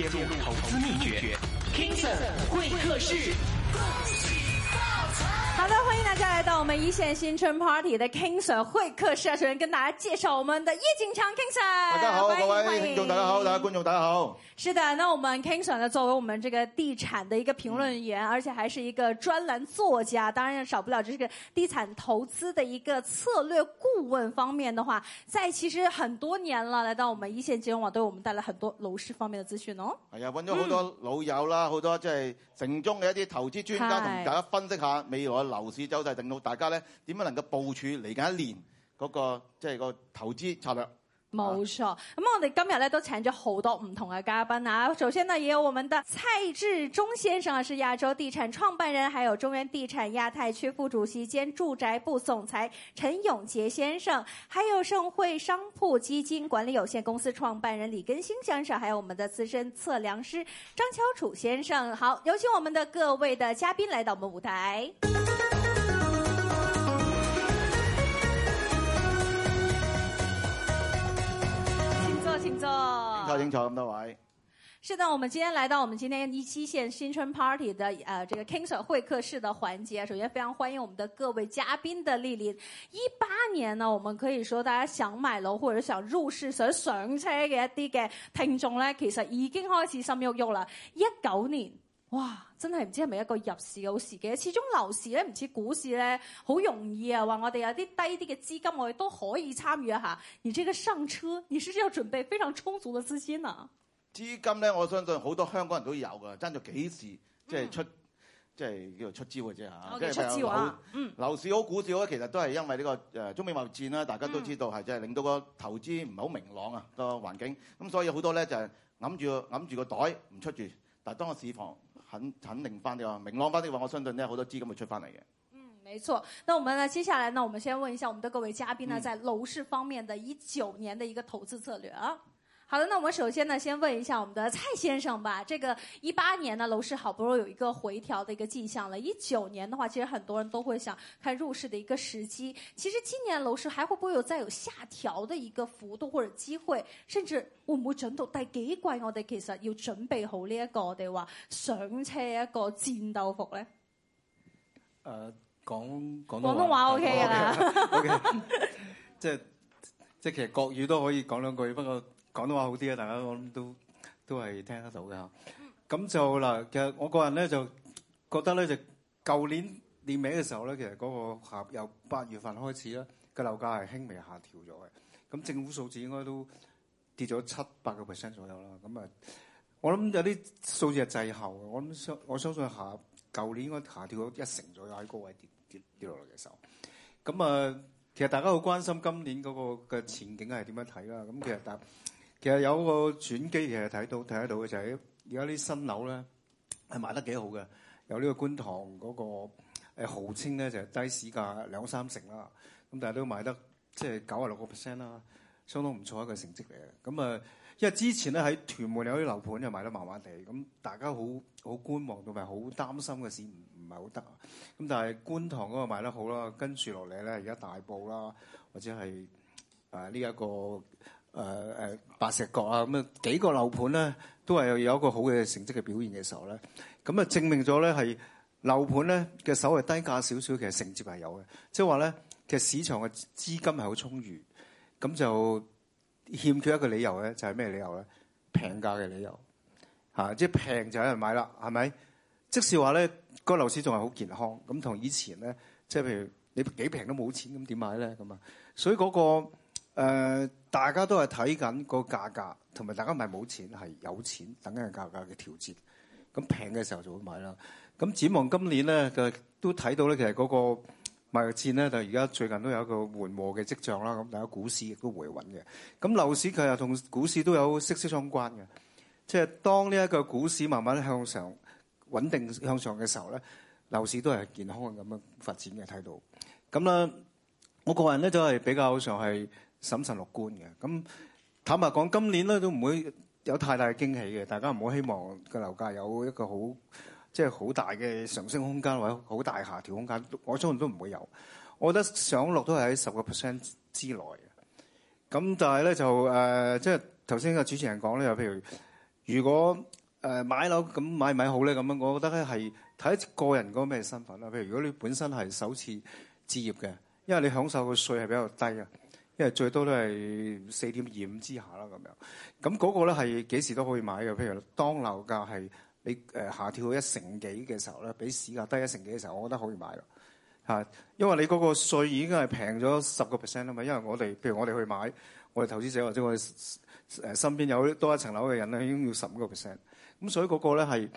揭露投資秘訣 Kingson 會客室。恭喜。好的，歡迎大家來到我們一線新春 party 的 kingson 會客室啊，主持人跟大家介紹我們的葉景強 kingson。大家好，各位聽眾，大家好，大家觀眾，大家好。是的，那我們 kingson 呢，作為我們這個地產的一個評論員、嗯，而且還是一個專欄作家，當然少不了這是個地產投資的一個策略顧問方面的話，在其實很多年了，來到我們一線金融網，對我們帶來很多樓市方面的資訊哦。係啊，揾咗好多老友啦，好、嗯、多即係城中嘅一啲投資專家同大家分析下未來嘅樓市走勢，令到大家咧點樣能夠部署嚟緊一年嗰個即係個投資策略。冇錯，咁我哋今日呢都請咗好多唔同嘅嘉賓啊！首先呢，也有我們的蔡志忠先生，係亞洲地產創辦人，還有中原地產亞太區副主席兼住宅部總裁陳永傑先生，還有盛匯商鋪基金管理有限公司創辦人李根興先生，還有我們的資深測量師張翹楚先生。好，有請我們的各位的嘉賓來到我們舞台。哦，清楚清楚，咁多位，是的，我們今天來到我們今天 e 線新春 party 的，誒、呃，這個 King Sir 會客室的環節，首先非常歡迎我們的各位嘉賓的蒞臨。一八年呢，我們可以說，大家想買樓或者想入市想上車嘅一啲嘅聽眾咧，其實已經開始心喐喐啦。一九年。哇！真係唔知係咪一個入市嘅好時機？始終樓市咧唔似股市咧，好容易啊！話我哋有啲低啲嘅資金，我哋都可以參與一下。而這個上車，你是不是要準備非常充足嘅資金啊。資金咧，我相信好多香港人都有㗎，爭咗幾時即係、就是、出即係、嗯就是、叫做出招嘅啫嚇。即、okay, 係比較好、啊。嗯。樓市好，股市好咧，其實都係因為呢、這個誒、呃、中美貿易戰啦，大家都知道係即係令到個投資唔係好明朗啊、那個環境。咁所以好多咧就係揞住揞住個袋唔出住，但係當個市況，肯肯定翻啲啊，明朗翻啲嘅話，我相信呢，好多資金會出翻嚟嘅。嗯，沒錯。那我們呢，接下來呢，我們先問一下我們的各位嘉賓呢，嗯、在樓市方面的一九年嘅一個投資策略啊。好的，那我們首先呢，先問一下我們的蔡先生吧。這個一八年呢，樓市好不容易有一個回調的一個跡象了。一九年的話，其實很多人都會想看入市的一個時機。其實今年樓市還會不會有再有下調的一個幅度或者機會？甚至會唔會整到第幾季我哋其實要準備好呢一個我哋話上車一個戰鬥服呢。誒、呃，講講廣東話 OK 啦、哦 okay, okay, okay, okay。 即係即係其實國語都可以講兩句，不過。講到話好啲啊，大家我諗都都係聽得到㗎。咁就嗱，其實我個人咧就覺得咧就，舊年年尾嘅時候咧，其實嗰個下由八月份開始啦，個樓價係輕微下調咗嘅。咁政府數字應該都跌咗七百個 percent 左右啦。咁啊，我諗有啲數字係滯後嘅。我諗相我相信下舊年應該下調咗一成左右，喺高位跌跌落嚟嘅時候。咁啊，其實大家好關心今年嗰個嘅前景係點樣睇啦。咁其實但其實有個轉機，其實睇到睇得到嘅就係而家啲新樓咧係賣得幾好嘅，有呢個觀塘嗰個誒號稱咧就係低市價兩三成啦，咁但係都賣得即係九十六個 percent 啦，相當唔錯一個成績嚟嘅。咁啊，因為之前咧喺屯門有啲樓盤就賣得麻麻地，咁大家好好觀望同埋好擔心嘅市唔唔係好得，咁但係觀塘嗰個賣得好啦，跟住落嚟咧而家大埔啦或者係誒呢一個。誒、呃、誒，白、呃、石角啊，咁、嗯、樣幾個樓盤咧，都係有一個好嘅成績嘅表現嘅時候咧，咁啊證明咗咧係樓盤咧嘅稍微低價少少嘅承接係有嘅，即係話咧，其實市場嘅資金係好充裕，咁就欠缺一個理由咧，就係、是、咩理由咧？平價嘅理由嚇、啊，即係平就有人買啦，係咪？即是話咧，個樓市仲係好健康，咁同以前咧，即、就、係、是、譬如你幾平都冇錢，咁點買咧？咁啊，所以嗰、那個、呃大家都係睇緊個價格，同埋大家唔係冇錢，係有錢等緊個價格嘅調節。咁平嘅時候就會買啦。咁展望今年咧，就都睇到咧，其實嗰個賣嘅錢咧，就而家最近都有一個緩和嘅跡象啦。咁大家股市亦都回穩嘅。咁樓市佢又同股市都有息息相關嘅。即係當呢一個股市慢慢向上、穩定向上嘅時候咧，樓市都係健康咁樣發展嘅態度。咁咧，我個人咧都係比較上係。審慎樂觀嘅。咁，坦白講，今年咧都唔會有太大嘅驚喜嘅。大家唔好希望個樓價有一個好即係好大嘅上升空間，或者好大下調空間。我相信都唔會有。我覺得上落都係喺十個 percent 之內嘅。咁但係咧就誒，即係頭先個主持人講咧，就譬如如果誒、呃、買樓咁買唔買好咧？咁樣我覺得咧係睇個人個咩身份啦。譬如如果你本身係首次置業嘅，因為你享受嘅稅係比較低啊。因為最多都係四點二五之下啦，咁樣，咁嗰個咧係幾時都可以買嘅。譬如當樓價係你誒下跳一成幾嘅時候咧，比市價低一成幾嘅時候，我覺得可以買㗎。嚇，因為你嗰個稅已經係平咗十個 percent 啊嘛。因為我哋譬如我哋去買，我哋投資者或者我哋誒身邊有多一層樓嘅人咧，已經要十五個 percent。咁所以嗰個咧係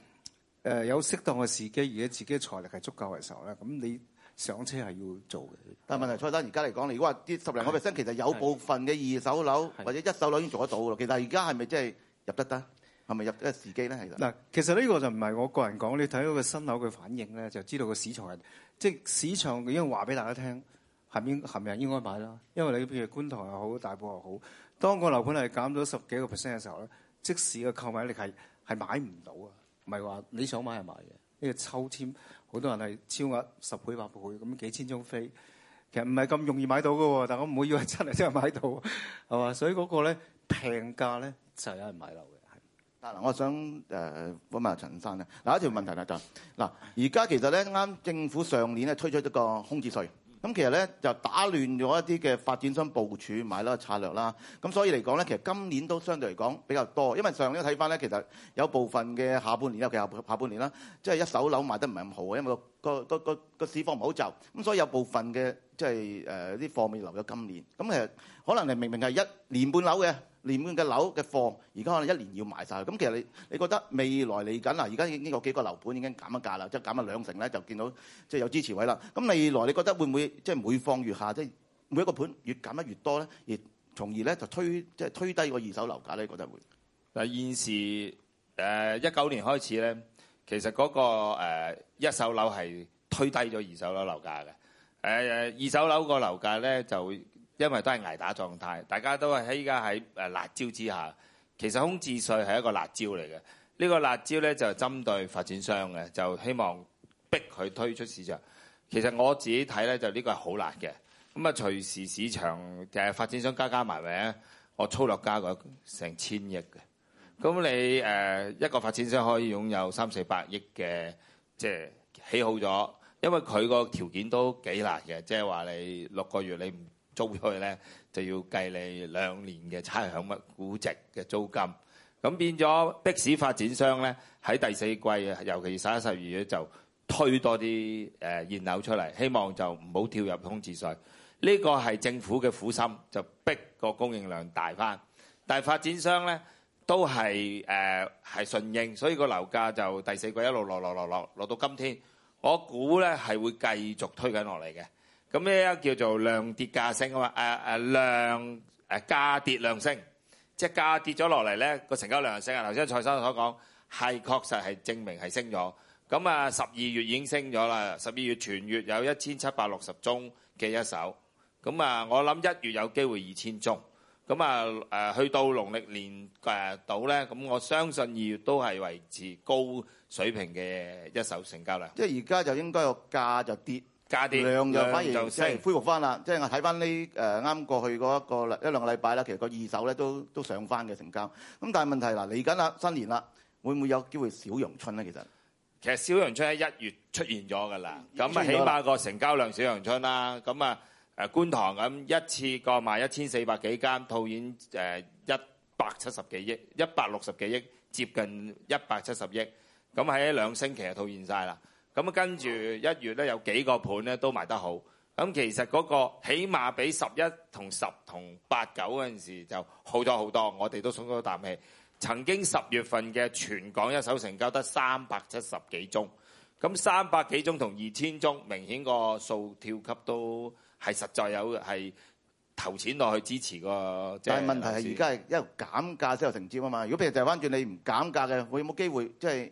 誒有適當嘅時機，而且自己嘅財力係足夠嘅時候咧，咁你。上車係要做嘅，但係問題，彩單而家嚟講，你如果話啲十零個 percent，其實有部分嘅二手樓或者一手樓已經做得到嘅咯。其實而家係咪真係入得得？係咪入得時機咧？其實嗱，其實呢個就唔係我個人講，你睇到個新樓嘅反應咧，就知道個市場係即係市場已經話俾大家聽，係應係咪應該買啦？因為你譬如觀塘又好，大埔又好，當個樓盤係減咗十幾個 percent 嘅時候咧，即使個購買力係係買唔到啊，唔係話你想買係買嘅。呢、這個抽籤，好多人係超額十倍八倍咁，幾千張飛，其實唔係咁容易買到嘅喎，但我唔好以為真係真係買到，係嘛？所以嗰個咧平價咧就有、是、人買樓嘅。係嗱，我想誒問下陳生咧，嗱一條問題咧就嗱，而家其實咧啱政府上年咧推出咗個空置稅。咁其實呢，就打亂咗一啲嘅發展商部署買樓嘅策略啦。咁所以嚟講呢，其實今年都相對嚟講比較多，因為上年睇翻呢，其實有部分嘅下半年尤其下下半年啦，即係一手樓賣得唔係咁好啊，因為個個個個個市況唔好就，咁所以有部分嘅即係誒啲貨未留咗今年。咁其實可能係明明係一年半樓嘅。年半嘅樓嘅貨，而家可能一年要賣晒。咁其實你你覺得未來嚟緊啦？而家已經有幾個樓盤已經減咗價啦，即係減咗兩成咧，就見到即係有支持位啦。咁未來你覺得會唔會即係每況愈下，即係每一個盤越減得越多咧，而從而咧就推即係推低個二手樓價咧？覺得會，嗱，現時誒一九年開始咧，其實嗰個誒一手樓係推低咗二手樓樓價嘅。誒、uh, 二手樓個樓價咧就。因為都係挨打狀態，大家都係喺依家喺誒辣椒之下。其實空置稅係一個辣椒嚟嘅，呢個辣椒呢，就針對發展商嘅，就希望逼佢推出市場。其實我自己睇呢，就呢個係好辣嘅。咁啊，隨時市場嘅發展商加加埋埋，我粗略加過個成千億嘅。咁你誒一個發展商可以擁有三四百億嘅，即係起好咗，因為佢個條件都幾難嘅，即係話你六個月你唔～租出去咧就要計你兩年嘅差餉物估值嘅租金，咁變咗逼使發展商咧喺第四季，尤其是十一、十二月就推多啲誒現樓出嚟，希望就唔好跳入空置稅。呢個係政府嘅苦心，就逼個供應量大翻。但係發展商咧都係誒係順應，所以個樓價就第四季一路落落落落，落到今天，我估咧係會繼續推緊落嚟嘅。咁呢一個叫做量跌價升啊嘛，誒誒量誒價跌量升，即係價跌咗落嚟咧，個成交量升啊。頭先蔡生所講係確實係證明係升咗。咁啊，十二月已經升咗啦，十二月全月有一千七百六十宗嘅一手。咁啊，我諗一月有機會二千宗。咁啊誒，去到農曆年誒到咧，咁我相信二月都係維持高水平嘅一手成交量。即係而家就應該個價就跌。量就反而就係恢復翻啦，即係我睇翻呢啱過去嗰一個一兩個禮拜啦，其實個二手咧都都上翻嘅成交。咁但係問題啦，嚟緊啦新年啦，會唔會有機會小陽春咧？其實其實小陽春喺一月出現咗㗎啦，咁啊起碼個成交量小陽春啦。咁啊觀塘、呃、塘咁一次過賣一千四百幾間套現一百七十幾億、一百六十幾億，接近一百七十億，咁喺兩星期就套現晒啦。咁啊，跟住一月咧有幾個盤咧都賣得好。咁其實嗰個起碼比十一同十同八九嗰陣時就好咗好多，我哋都鬆咗啖氣。曾經十月份嘅全港一手成交得三百七十幾宗，咁三百幾宗同二千宗，明顯個數跳級都係實在有係投錢落去支持個。但係問題係而家係一路減價先有成交啊嘛。如果譬如掉翻轉你唔減價嘅，會有冇機會即係。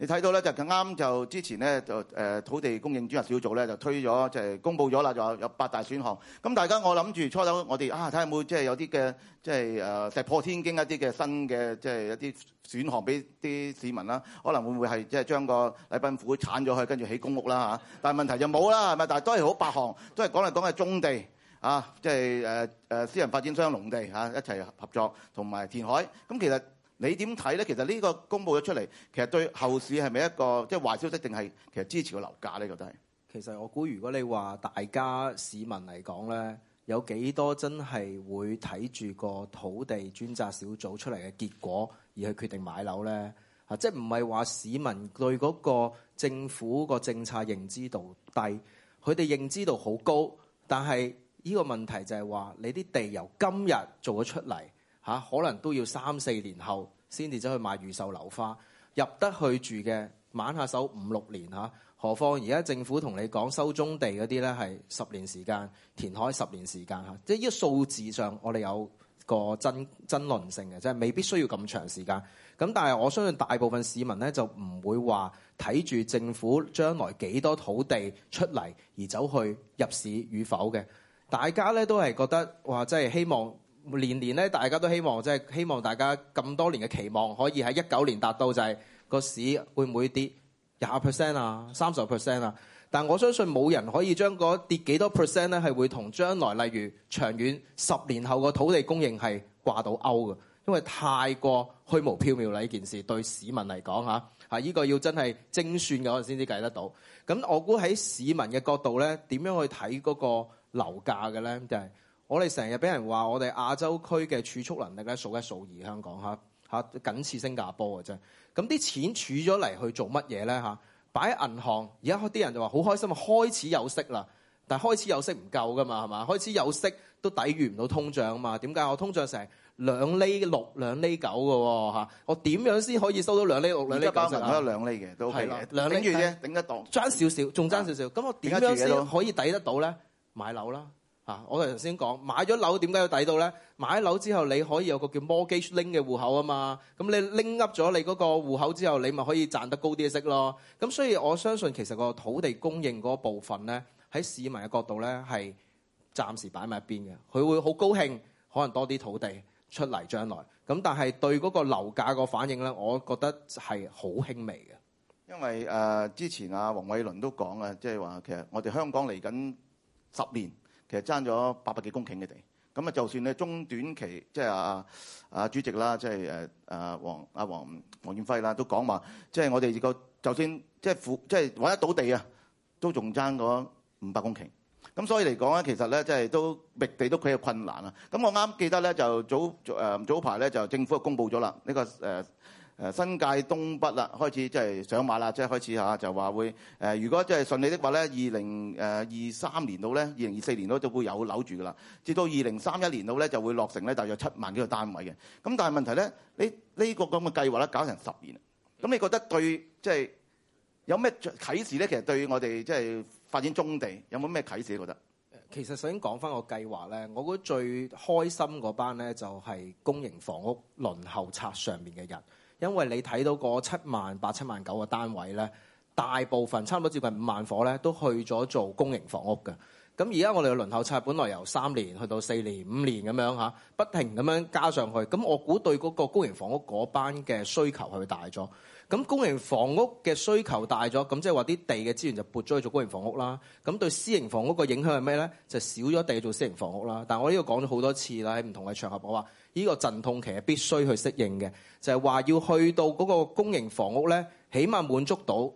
你睇到呢，就咁啱就之前呢，就誒、呃、土地供應專責小組呢，就推咗就係、是、公布咗啦，就有八大選項。咁大家我諗住初頭我哋啊睇下有冇即係有啲嘅即係石破天驚一啲嘅新嘅即係一啲選項俾啲市民啦、啊。可能會唔會係即係將個禮賓府剷咗去，跟住起公屋啦、啊、但係問題就冇啦，係咪？但係都係好八項，都係講嚟講去棕地啊，即係誒私人發展商農地、農地啊，一齊合作同埋填海。咁其實。你點睇呢？其實呢個公佈咗出嚟，其實對後市係咪一個即係壞消息，定係其實支持個樓價呢？覺得其實我估，如果你話大家市民嚟講呢，有幾多真係會睇住個土地專責小組出嚟嘅結果而去決定買樓呢？即係唔係話市民對嗰個政府個政策認知度低，佢哋認知度好高，但係呢個問題就係話你啲地由今日做咗出嚟。可能都要三四年後先至走去買預售樓花，入得去住嘅，晚下手五六年。何況而家政府同你講收棕地嗰啲咧，係十年時間填海十年時間嚇，即係依個數字上我哋有個爭爭論性嘅，即係未必需要咁長時間。咁但係我相信大部分市民咧就唔會話睇住政府將來幾多土地出嚟而走去入市與否嘅，大家咧都係覺得哇，即係希望。年年咧，大家都希望，即係希望大家咁多年嘅期望，可以喺一九年達到，就係個市會唔會跌廿 percent 啊、三十 percent 啊？但我相信冇人可以將嗰跌幾多 percent 咧，係會同將來，例如長遠十年後個土地供應係掛到鈎嘅，因為太過虛無縹緲啦呢件事對市民嚟講嚇，呢個要真係精算嘅我哋先至計得到。咁我估喺市民嘅角度咧，點樣去睇嗰個樓價嘅咧，就係。我哋成日俾人話，我哋亞洲區嘅儲蓄能力咧，數一數二，香港、啊、僅次新加坡嘅啫。咁啲錢儲咗嚟去做乜嘢呢？擺喺銀行，而家啲人就話好開心，開始有息啦。但係開始有息唔夠㗎嘛，係咪？開始有息都抵禦唔到通脹嘛。點解我通脹成兩厘六、兩厘九㗎喎？我點樣先可以收到兩厘六、兩厘九？我頂得住啊！兩厘嘅都 OK 嘅。頂住啫，頂得當。爭少少，仲、啊、爭少少。咁、啊、我點樣先可以抵得到呢？買樓啦。啊！我哋頭先講買咗樓點解要抵到呢？買咗樓之後你可以有個叫 mortgage link 嘅戶口啊嘛，咁你 link up 咗你嗰個戶口之後，你咪可以賺得高啲息咯。咁所以我相信其實個土地供應嗰部分呢，喺市民嘅角度呢，係暫時擺埋一邊嘅，佢會好高興，可能多啲土地出嚟將來。咁但係對嗰個樓價個反應呢，我覺得係好輕微嘅，因為誒、呃、之前啊黃偉倫都講啊，即係話其實我哋香港嚟緊十年。其實爭咗八百幾公頃嘅地，咁啊就算你中短期，即係啊啊主席啦，即係誒啊黃啊黃黃遠輝啦，都講話，即係我哋個就算即係負即係揾得到地啊，都仲爭咗五百公頃，咁所以嚟講咧，其實咧即係都覓地都佢較困難啊。咁我啱記得咧就早誒、呃、早排咧就政府就公佈咗啦，呢個誒。呃誒新界東北啦，開始即係上馬啦，即係開始嚇就話會誒、呃。如果即係順利的話咧，二零誒二三年度咧，二零二四年度就會有樓住噶啦。至到二零三一年度咧，就會落成咧，大約七萬幾個單位嘅。咁但係問題咧，你呢、這個咁嘅、這個、計劃咧搞成十年，咁、嗯、你覺得對即係、就是、有咩啟示咧？其實對我哋即係發展中地有冇咩啟示？覺得誒，其實首先講翻個計劃咧，我覺得最開心嗰班咧就係、是、公營房屋輪候冊上面嘅人。因為你睇到嗰七萬八、七萬九嘅單位咧，大部分差唔多接近五萬伙咧，都去咗做公營房屋㗎。咁而家我哋嘅輪候冊本來由三年去到四年、五年咁樣吓，不停咁樣加上去。咁我估對嗰個公營房屋嗰班嘅需求係會大咗。咁公營房屋嘅需求大咗，咁即係話啲地嘅資源就撥咗去做公營房屋啦。咁對私營房屋個影響係咩呢？就少咗地做私營房屋啦。但我呢個講咗好多次啦，喺唔同嘅場合，我話呢個陣痛期必須去適應嘅，就係話要去到嗰個公營房屋呢，起碼滿足到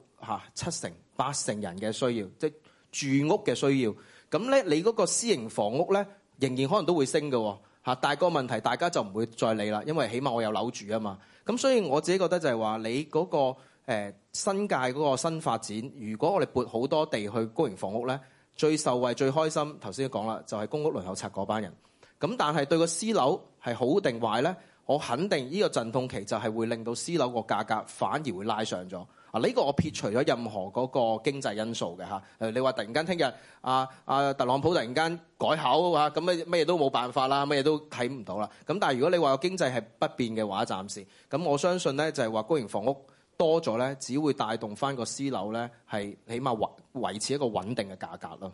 七成八成人嘅需要，即係住屋嘅需要。咁呢，你嗰個私營房屋呢，仍然可能都會升㗎喎。但係個問題，大家就唔會再理啦，因為起碼我有樓住啊嘛。咁所以我自己覺得就係話你嗰、嗰個呃新界嗰個新發展，如果我哋撥好多地去公營房屋呢，最受惠最開心頭先講啦，就係、是、公屋輪候冊嗰班人。咁但係對個私樓係好定壞呢？我肯定呢個陣痛期就係會令到私樓個價格反而會拉上咗。啊！呢個我撇除咗任何嗰個經濟因素嘅，你話突然間聽日特朗普突然間改口、啊、什麼咩咩都冇辦法啦，咩都睇唔到啦。但係如果你話經濟係不變嘅話，暫時咁我相信呢就係話公營房屋多咗呢，只會帶動返個私樓呢，係起碼維持一個穩定嘅價格囉。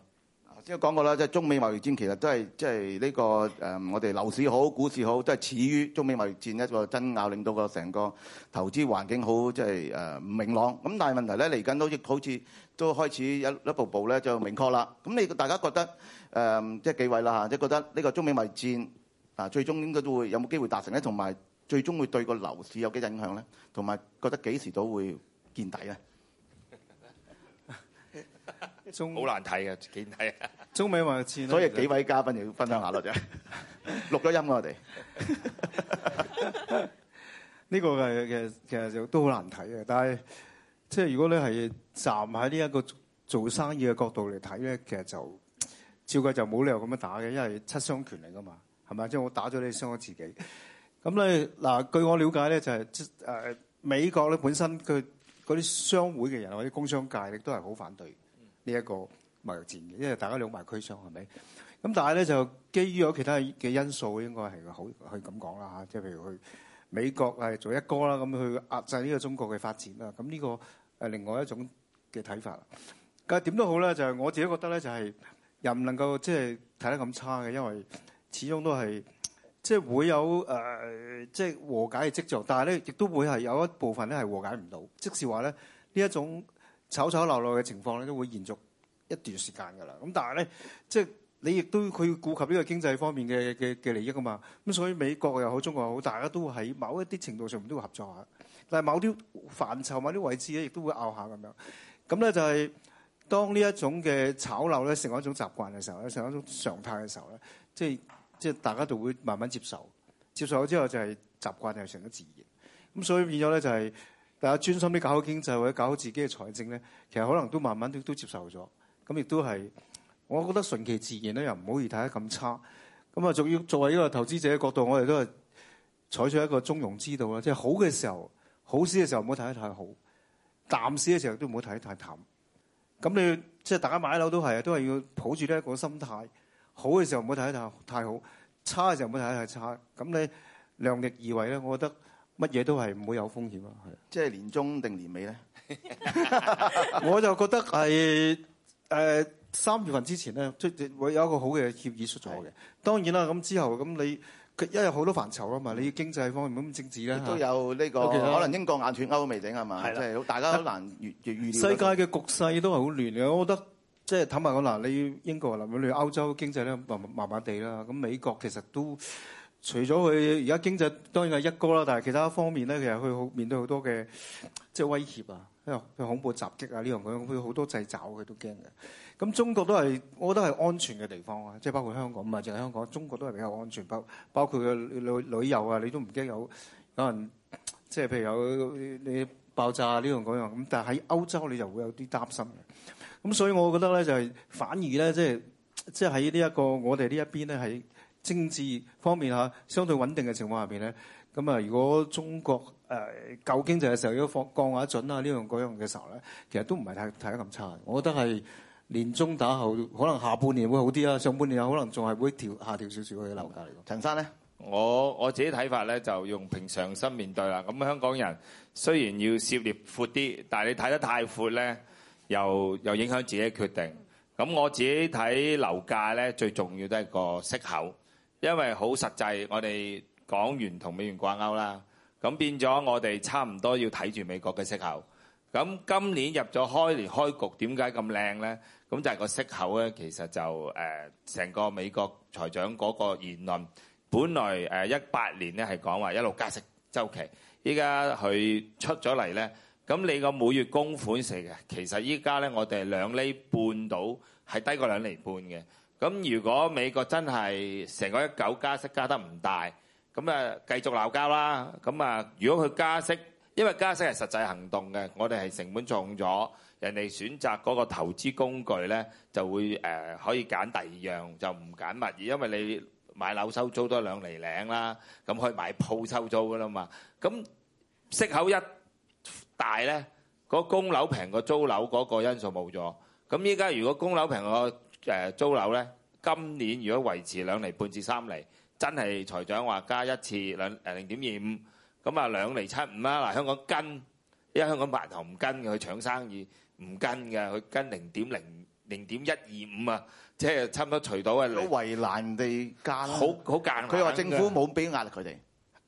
即係講過啦，即係中美貿易戰其實都係即係呢個誒、嗯，我哋樓市好、股市好，都係始於中美貿易戰一個爭拗，令到個成個投資環境好即係誒唔明朗。咁但係問題咧嚟緊都好似都開始一一步步咧就明確啦。咁你大家覺得誒、嗯、即係幾位啦嚇、啊，即係覺得呢個中美貿易戰啊，最終應該都會有冇機會達成咧？同埋最終會對個樓市有幾影響咧？同埋覺得幾時都會見底咧？好難睇嘅，幾睇啊！中美話，所以幾位嘉賓要分享下咯，就 錄咗音啦。我哋呢個嘅嘅其實就都好難睇嘅。但係即係如果你係站喺呢一個做生意嘅角度嚟睇咧，其實就照計就冇理由咁樣打嘅，因為七傷拳嚟噶嘛，係咪？即係我打咗你傷咗自己咁咧嗱。據我了解咧，就係、是、誒、呃、美國咧本身佢嗰啲商會嘅人或者工商界亦都係好反對。呢、這、一個貿易戰嘅，因為大家兩敗俱傷，係咪？咁但係咧就基於有其他嘅因素，應該係好可以咁講啦嚇，即係譬如去美國係做一哥啦，咁去壓制呢個中國嘅發展啦。咁呢個誒另外一種嘅睇法。但係點都好咧，就係、是、我自己覺得咧，就係又唔能夠即係睇得咁差嘅，因為始終都係即係會有誒即係和解嘅跡象，但係咧亦都會係有一部分咧係和解唔到，即是話咧呢一種。炒炒鬧鬧嘅情況咧，都會延續一段時間㗎啦。咁但係咧，即係你亦都佢要顧及呢個經濟方面嘅嘅嘅利益㗎嘛。咁所以美國又好，中國又好，大家都會喺某一啲程度上面都會合作下。但係某啲範疇、某啲位置咧，亦都會拗下咁樣。咁咧就係當呢一種嘅炒鬧咧，成為一種習慣嘅時候咧，成為一種常態嘅時候咧，即係即係大家就會慢慢接受。接受咗之後就係習慣，就成咗自然。咁所以變咗咧就係、是。大家專心啲搞好經濟或者搞好自己嘅財政咧，其實可能都慢慢都都接受咗。咁亦都係，我覺得順其自然咧，又唔好而睇得咁差。咁啊，仲要作為一個投資者嘅角度，我哋都係採取一個中庸之道啦。即係好嘅時候，好市嘅時候唔好睇得太好；淡市嘅時候都唔好睇得太淡。咁你即係大家買樓都係啊，都係要抱住呢一個心態。好嘅時候唔好睇得太太好，差嘅時候唔好睇得太差。咁你量力而為咧，我覺得。乜嘢都係唔會有風險啊！係，即係年中定年尾咧？ 我就覺得係誒三月份之前咧，就會有一個好嘅協議出咗嘅。當然啦，咁之後咁你，佢因為好多範疇啦嘛，你要經濟方面咁政治咧，都有呢、這個可能英國硬斷歐都未定係嘛？就是、大家都難預預、啊這個、世界嘅局勢都係好亂嘅。我覺得即係坦白講嗱，你英國啊，你歐洲，洲經濟咧，麻麻麻哋啦。咁美國其實都。除咗佢而家經濟當然係一哥啦，但係其他方面咧，其實佢好面對好多嘅即係威脅啊，即恐怖襲擊啊呢樣嗰樣，佢好多掣肘佢都驚嘅。咁中國都係，我覺得係安全嘅地方啊，即係包括香港，唔係淨係香港，中國都係比較安全，包括包括旅旅遊啊，你都唔驚有有人即係譬如有你爆炸呢樣嗰樣咁。但係喺歐洲你就會有啲擔心嘅。咁所以我覺得咧就係反而咧即係即係喺呢一個我哋呢一邊咧喺。政治方面下相對穩定嘅情況下邊咧，咁啊如果中國誒舊、呃、經濟嘅時候要放降下準啊呢樣嗰樣嘅時候咧，其實都唔係太睇得咁差。我覺得係年中打後，可能下半年會好啲啊，上半年可能仲係會調下調少少嘅樓價嚟。陳、嗯、生咧，我我自己睇法咧就用平常心面對啦。咁香港人雖然要涉獵闊啲，但係你睇得太闊咧，又又影響自己嘅決定。咁我自己睇樓價咧，最重要都係個息口。因為好實際，我哋港元同美元掛鈎啦，咁變咗我哋差唔多要睇住美國嘅息口。咁今年入咗開年開局，點解咁靚呢？咁就係個息口呢，其實就誒成個美國財長嗰個言論，本來誒一八年呢係講話一路加息週期，依家佢出咗嚟呢，咁你個每月供款成其實依家呢我哋兩釐半到係低過兩釐半嘅。咁如果美國真係成個一九加息加得唔大，咁啊繼續鬧交啦。咁啊，如果佢加息，因為加息係實際行動嘅，我哋係成本重咗，人哋選擇嗰個投資工具咧就會誒可以揀第二樣，就唔揀物業，因為你買樓收租都兩釐零啦，咁可以買鋪收租噶啦嘛。咁息口一大咧，個供樓平過租樓嗰個因素冇咗。咁依家如果供樓平過，誒租樓咧，今年如果維持兩釐半至三釐，真係財長話加一次兩誒零點二五，咁咪兩釐七五啦。嗱，香港跟，因為香港白頭唔跟嘅，去搶生意唔跟嘅，去跟零點零零點一二五啊，即係差唔多除到啊，都為難地加啦，好好夾。佢話政府冇俾壓力佢哋，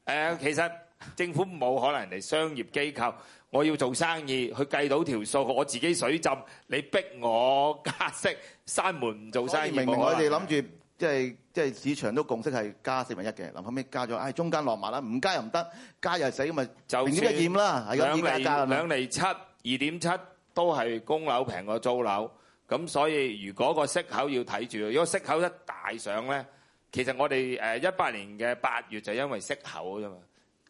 誒其實政府冇可能嚟商業機構。我要做生意，佢計到條數，我自己水浸，你逼我加息，閂門唔做生意冇啦。我明明我哋諗住即係即係市場都共識係加四分一嘅，嗱後屘加咗，唉中間落馬啦，唔加又唔得，加又死咁啊！明顯嘅嫌啦，係有啲加價，兩釐七、二點七都係供樓平過租樓，咁所以如果個息口要睇住，如果息口一大上咧，其實我哋誒一八年嘅八月就因為息口啫嘛。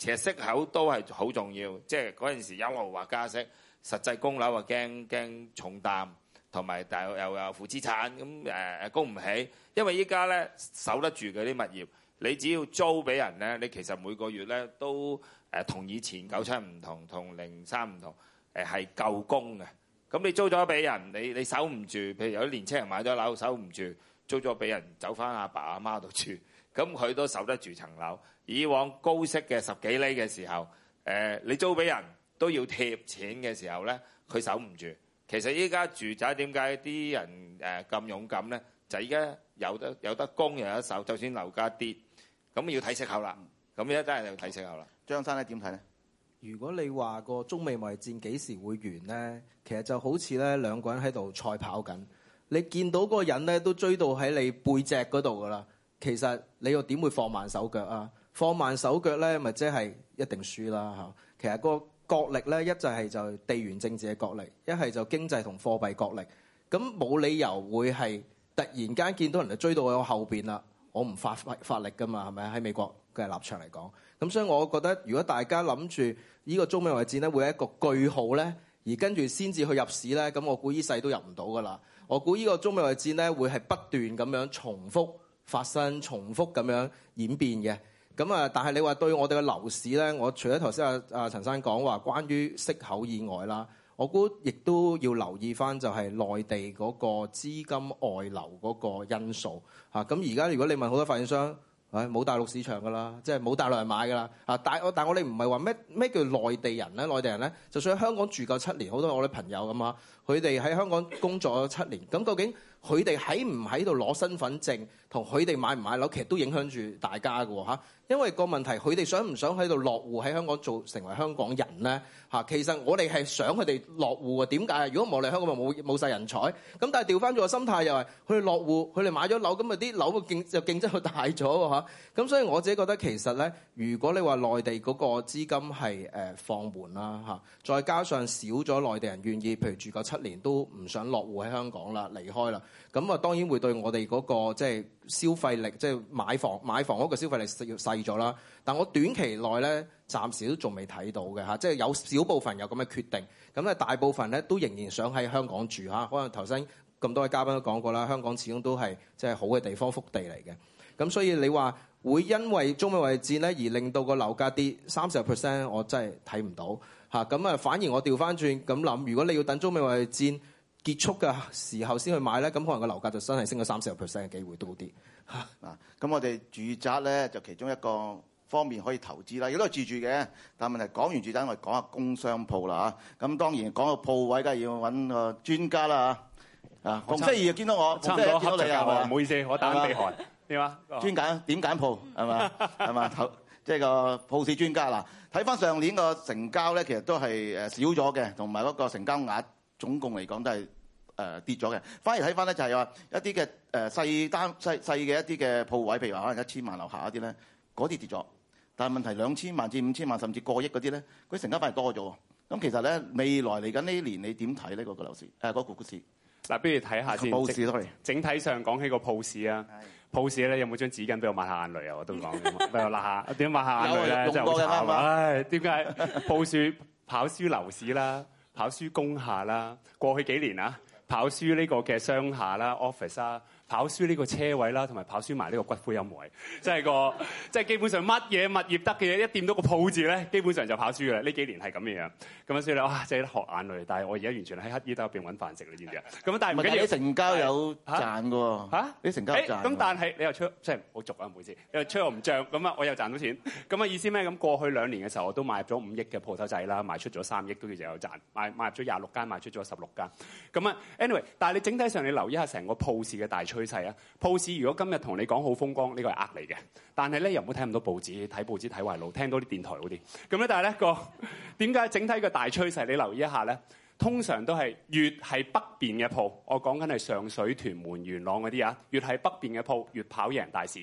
其實息口都係好重要，即係嗰陣時一路話加息，實際供樓啊驚驚重擔，同埋又又又負資產，咁誒供唔起。因為依家咧守得住嗰啲物業，你只要租俾人咧，你其實每個月咧都誒同、呃、以前九七唔同，同零三唔同，誒係夠供嘅。咁你租咗俾人，你你守唔住，譬如有啲年青人買咗樓守唔住，租咗俾人走返阿爸阿媽度住，咁佢都守得住層樓。以往高息嘅十幾厘嘅時候，呃、你租俾人都要貼錢嘅時候咧，佢守唔住。其實依家住宅點解啲人咁、呃、勇敢咧？就依家有得有得供又有得守，就算樓價跌，咁要睇息口啦。咁而家真係要睇息口啦。張、嗯、生咧點睇咧？如果你話個中美貿易戰幾時會完咧，其實就好似咧兩個人喺度賽跑緊。你見到個個人咧都追到喺你背脊嗰度噶啦，其實你又點會放慢手腳啊？放慢手腳呢，咪即係一定輸啦。其實個角力呢，一就係就地緣政治嘅角力，一係就是經濟同貨幣角力。咁冇理由會係突然間見到人哋追到我後面啦，我唔發發力㗎嘛？係咪喺美國嘅立場嚟講？咁所以我覺得，如果大家諗住呢個中美圍戰呢，會係一個句號呢，而跟住先至去入市呢。咁我估呢世都入唔到㗎啦。我估呢個中美圍戰呢，會係不斷咁樣重複發生、重複咁樣演變嘅。咁啊！但係你話對我哋嘅樓市咧，我除咗頭先阿啊陳生講話關於息口以外啦，我估亦都要留意翻就係內地嗰個資金外流嗰個因素吓。咁而家如果你問好多發展商，唉、哎、冇大陸市場㗎啦，即係冇大陸人買㗎啦，但但我哋唔係話咩咩叫內地人咧？內地人咧，就算香港住夠七年，好多我啲朋友咁啊，佢哋喺香港工作咗七年，咁究竟佢哋喺唔喺度攞身份證？同佢哋買唔買樓，其實都影響住大家㗎喎。因為個問題，佢哋想唔想喺度落戶喺香港做成為香港人咧嚇？其實我哋係想佢哋落戶啊。點解啊？如果冇嚟香港，咪冇冇晒人才。咁但係調翻咗個心態又係，佢哋落戶，佢哋買咗樓，咁啊啲樓嘅競就競爭就大咗喎。咁所以我自己覺得其實咧，如果你話內地嗰個資金係放緩啦嚇，再加上少咗內地人願意，譬如住夠七年都唔想落戶喺香港啦，離開啦。咁啊，當然會對我哋嗰個即係消費力，即係買房買房屋嘅消費力細咗啦。但我短期內呢，暫時都仲未睇到嘅，即係有少部分有咁嘅決定。咁大部分呢都仍然想喺香港住嚇。可能頭先咁多位嘉賓都講過啦，香港始終都係即係好嘅地方福地嚟嘅。咁所以你話會因為中美圍戰呢而令到個樓價跌三十 percent，我真係睇唔到嚇。咁反而我調返轉咁諗，如果你要等中美圍戰，結束嘅時候先去買呢，可能個樓價就真係升咗三四十 percent 嘅機會多啲嚇。咁我哋住宅呢，就其中一個方面可以投資啦，有都係自住嘅。但問題講完住宅，我哋講下工商鋪啦嚇。咁當然講個鋪位，梗係要搵個專家啦嚇。啊、呃，洪世儀見到我，即係見到你啊，唔好意思， 我打啲鼻鼾。點啊？專揀點揀鋪係嘛係嘛？即係個鋪市專家啦。睇翻上年個成交呢，其實都係誒少咗嘅，同埋嗰個成交額。總共嚟講都係誒、呃、跌咗嘅，反而睇翻咧就係話一啲嘅誒細單細細嘅一啲嘅鋪位，譬如話可能一千萬樓下嗰啲咧，嗰啲跌咗。但係問題兩千萬至五千萬甚至過億嗰啲咧，佢成交反而多咗。咁其實咧未來嚟緊呢年你點睇呢、嗰個個樓市誒、呃嗰個股市？嗱，不如睇下先看看。股市都整體上講起個股市啊，股市咧有冇張紙巾俾我抹下眼淚啊？我都講，嗱，點抹下眼淚咧 真係好慘啊！點解？股、哎、市跑輸樓市啦。 跑輸工廈啦，過去幾年啊，跑輸呢個嘅商廈啦，office 啊。跑輸呢個車位啦，同埋跑輸埋呢個骨灰龕位，即係個，即 係基本上乜嘢物業得嘅嘢，一掂到一個鋪字咧，基本上就跑輸啦。呢幾年係咁嘅樣，咁樣所以咧，哇，真係學眼淚。但係我而家完全喺乞兒兜入邊揾飯食啦，知唔知啊？咁但係唔緊要，你成交有賺嘅喎、欸。你成交賺咁，但係你又出，即係好俗啊，唔好意思，你又出又唔漲，咁啊，我又賺到錢。咁啊，意思咩？咁過去兩年嘅時候，我都買入咗五億嘅鋪頭仔啦，賣出咗三億，都要就有賺。買買入咗廿六間，賣出咗十六間。咁啊，anyway，但係你整體上你留意下成個鋪市嘅大趨趨勢啊！鋪市如果今日同你講好風光，呢個係呃你嘅。但係咧，又唔好睇咁多報紙，睇報紙睇壞腦，聽多啲電台好啲。咁咧，但係咧，個點解整體個大趨勢？你留意一下咧，通常都係越係北邊嘅鋪，我講緊係上水、屯門、元朗嗰啲啊，越係北邊嘅鋪越跑贏大市；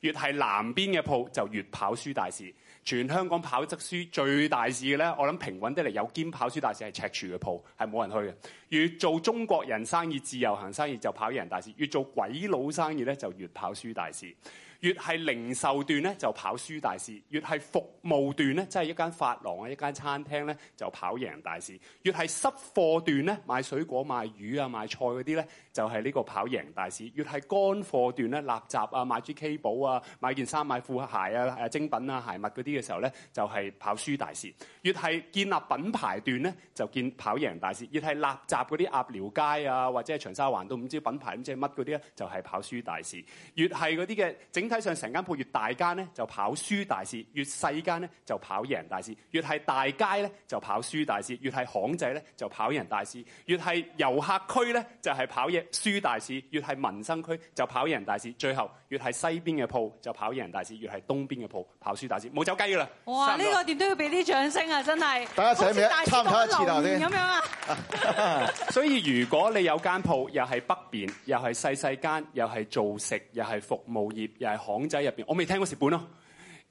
越係南邊嘅鋪就越跑輸大市。全香港跑執輸最大市嘅咧，我諗平穩啲嚟有兼跑輸大市係赤柱嘅鋪，係冇人去嘅。越做中國人生意、自由行生意就跑贏人大市；越做鬼佬生意咧就越跑輸大市。越係零售段咧，就跑輸大市；越係服務段咧，即、就、係、是、一間髮廊啊、一間餐廳咧，就跑贏大市；越係濕貨段咧，賣水果、賣魚啊、賣菜嗰啲咧，就係、是、呢個跑贏大市；越係乾貨段咧，立雜啊、賣啲 K 寶啊、賣件衫、賣褲鞋啊、誒精品啊、鞋襪嗰啲嘅時候咧，就係、是、跑輸大市；越係建立品牌段咧，就見跑贏大市；越係立雜嗰啲鴨寮街啊，或者係長沙灣都唔知品牌唔知係乜嗰啲咧，就係、是、跑輸大市；越係嗰啲嘅整。街上成間鋪越大間咧，就跑輸大市，越細間就跑贏大市，越係大街咧，就跑輸大市，越係巷仔咧，就跑贏大市，越係遊客區咧，就係跑嘢輸大市，越係民生區就跑贏大市，最後越係西邊嘅鋪就跑贏大市，越係東邊嘅鋪跑輸大市，冇走雞啦！哇！呢個點都要俾啲掌聲啊！真係，大家請，參考一次頭先咁樣啊。 所以如果你有間鋪又係北邊，又係細細間，又係做食，又係服務業，又係巷仔入邊，我未聽過蝕本咯、啊。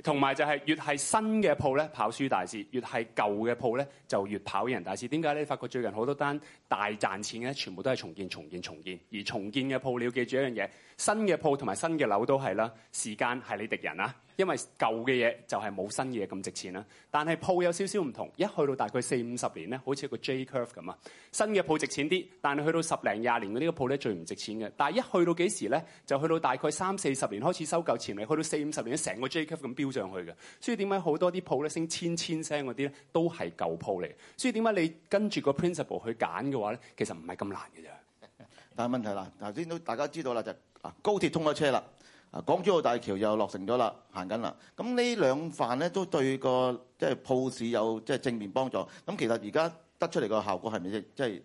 同埋就係越係新嘅鋪咧，跑輸大市；越係舊嘅鋪咧，就越跑贏大市。點解咧？你發覺最近好多單大賺錢嘅，全部都係重建、重建、重建。而重建嘅鋪，你要記住一樣嘢：新嘅鋪同埋新嘅樓都係啦。時間係你敵人啊。因為舊嘅嘢就係冇新嘢咁值錢啦，但係鋪有少少唔同，一去到大概四五十年咧，好似個 J curve 咁啊。新嘅鋪值錢啲，但係去到十零廿年嗰啲嘅鋪咧，最唔值錢嘅。但係一去到幾時咧，就去到大概三四十年開始收購潛力，去到四五十年成個 J curve 咁飆上去嘅。所以點解好多啲鋪咧升千千聲嗰啲咧都係舊鋪嚟嘅。所以點解你跟住個 principle 去揀嘅話咧，其實唔係咁難嘅啫。但係問題啦，頭先都大家知道啦，就啊、是、高鐵通咗車啦。啊！港珠澳大橋又落成咗啦，行緊啦。咁呢兩範咧都對個即係鋪市有即係正面幫助。咁其實而家得出嚟個效果係咪即係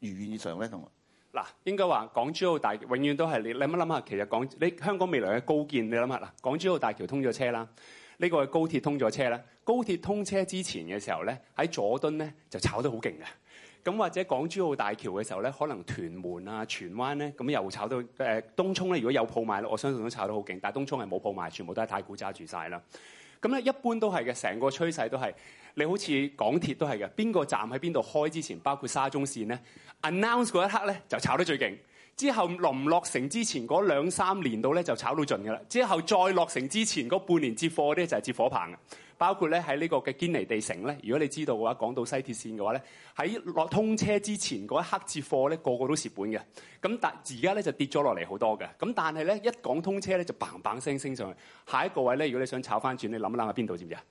如願以償咧？同埋嗱，應該話港珠澳大橋永遠都係你諗一諗下，其實港你香港未來嘅高建，你諗下啦，港珠澳大橋通咗車啦，呢、這個係高鐵通咗車啦。高鐵通車之前嘅時候咧，喺佐敦咧就炒得好勁嘅。咁或者港珠澳大橋嘅時候咧，可能屯門啊、荃灣咧，咁又炒到誒、呃、東涌咧。如果有鋪賣咧，我相信都炒到好勁。但係東涌係冇鋪賣，全部都係太古揸住晒啦。咁咧一般都係嘅，成個趨勢都係你好似港鐵都係嘅，邊個站喺邊度開之前，包括沙中線咧，announce 嗰一刻咧就炒得最勁。之後臨落成之前嗰兩三年度咧就炒到盡㗎啦。之後再落成之前嗰半年接貨啲就係、是、接火棒。包括咧喺呢個嘅堅尼地城咧，如果你知道嘅話，港島西鐵線嘅話咧，喺落通車之前嗰一刻接貨咧，個個都蝕本嘅。咁但而家咧就跌咗落嚟好多嘅。咁但係咧一講通車咧就砰砰聲升上去。下一個位咧，如果你想炒翻轉，你諗一諗喺邊度知唔知啊？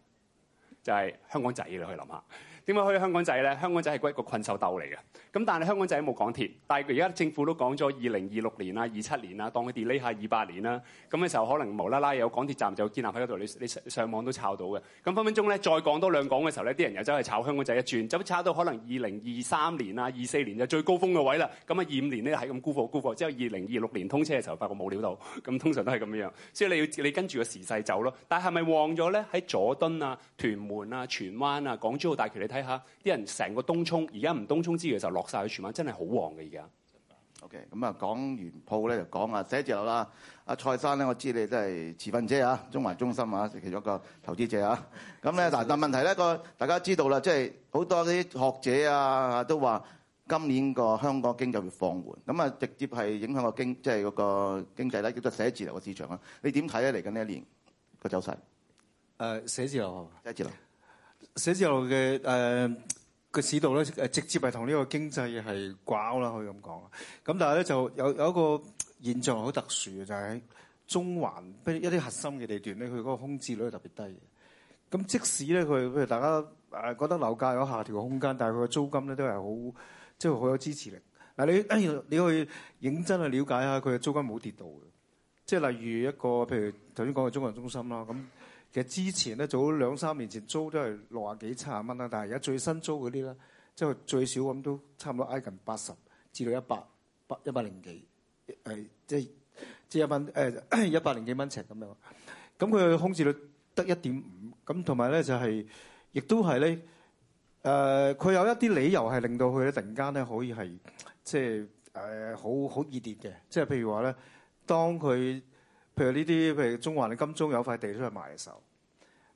就係、是、香港仔，你可以諗下。點解可以去香港仔咧？香港仔係一個困獸鬥嚟嘅，咁但係香港仔冇港鐵，但係而家政府都講咗二零二六年啊、二七年啊，當佢 delay 下二八年啦。咁嘅時候可能無啦啦有港鐵站就建立喺嗰度，你你上網都炒到嘅。咁分分鐘咧再講多兩講嘅時候咧，啲人又走去炒香港仔一轉，就炒到可能二零二三年啊、二四年就最高峰嘅位啦。咁啊二五年咧係咁沽貨沽貨，之後二零二六年通車嘅時候發覺冇料到，咁通常都係咁樣樣，所以你要你跟住個時勢走咯。但係係咪旺咗咧？喺佐敦啊、屯門啊、荃灣啊、港珠澳大橋你睇睇下啲人成個東涌，而家唔東涌之餘就落晒去荃灣，真係好旺嘅而家。OK，咁啊講完鋪咧就講啊寫字樓啦。阿蔡生咧，我知你真係持份者啊，中環中心啊，其中一個投資者啊。咁、嗯、咧，但但問題呢，個大家知道啦，即係好多啲學者啊都話今年個香港經濟會放緩，咁啊直接係影響個經濟即係嗰個經濟啦，叫做寫字樓嘅市場啊。你點睇咧嚟緊呢一年個走勢？誒寫字樓啊，寫字樓。寫字樓嘅誒個市道咧，誒直接係同呢個經濟係掛鈎啦，可以咁講。咁但係咧就有有一個現象好特殊嘅，就係、係、喺中環一啲核心嘅地段咧，佢嗰個空置率係特別低嘅。咁即使咧佢譬如大家誒覺得樓價有下調嘅空間，但係佢嘅租金咧都係好即係好有支持力。嗱，你你去認真去了解一下，佢嘅租金冇跌到嘅。即係例如一個譬如頭先講嘅中環中心啦，咁。其實之前咧，早兩三年前租都係六啊幾七啊蚊啦，但係而家最新租嗰啲咧，即係最少咁都差唔多挨近八十至到一百百一百零幾，誒即係即係一蚊誒一百零幾蚊尺咁樣。咁佢空置率得一點五，咁同埋咧就係亦都係咧誒，佢、呃、有一啲理由係令到佢咧突然間咧可以係即係誒好好熱烈嘅，即係譬如話咧，當佢。譬如呢啲，譬如中環你金鐘有塊地出去賣嘅時候，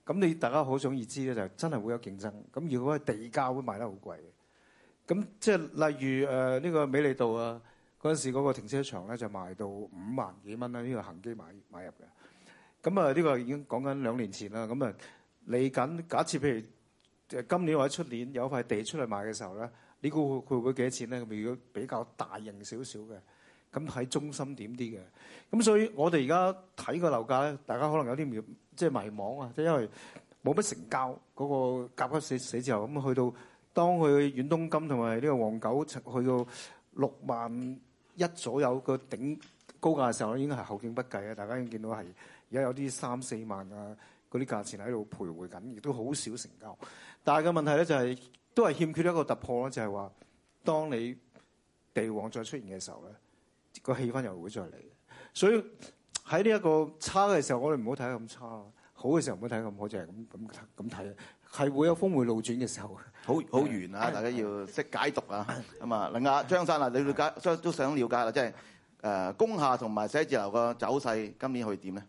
咁你大家可想而知咧，就真係會有競爭。咁如果係地價會賣得好貴嘅，咁即係例如誒呢、呃呢個美利道啊，嗰陣時嗰個停車場咧就賣到五萬幾蚊咧，呢、呢個恆基買買入嘅。咁啊呢個已經講緊兩年前啦。咁啊嚟緊，假設譬如今年或者出年有塊地出去賣嘅時候咧，你估佢呢個會會會幾多錢咧？咁如果比較大型少少嘅。咁喺中心點啲嘅，咁所以我哋而家睇個樓價咧，大家可能有啲即係迷茫啊，即係因為冇乜成交嗰、那個夾骨死死之後，咁去到當佢遠東金同埋呢個黃九去到六萬一左右個頂高價嘅時候，應該係後勁不繼啊。大家已經見到係而家有啲三四萬啊嗰啲價錢喺度徘徊緊，亦都好少成交。但係嘅問題咧就係、是、都係欠缺一個突破咯，就係、是、話當你地王再出現嘅時候咧。個氣氛又會再嚟，所以喺呢一個差嘅時候，我哋唔好睇得咁差；好嘅時候唔好睇得咁好，就係咁咁咁睇，係會有峰回路轉嘅時候，好好圓啊！ 大家要識解讀啊，咁 啊，林亞張生啊， 你了解都想了解啦，即係誒工廈同埋寫字樓嘅走勢，今年去點咧？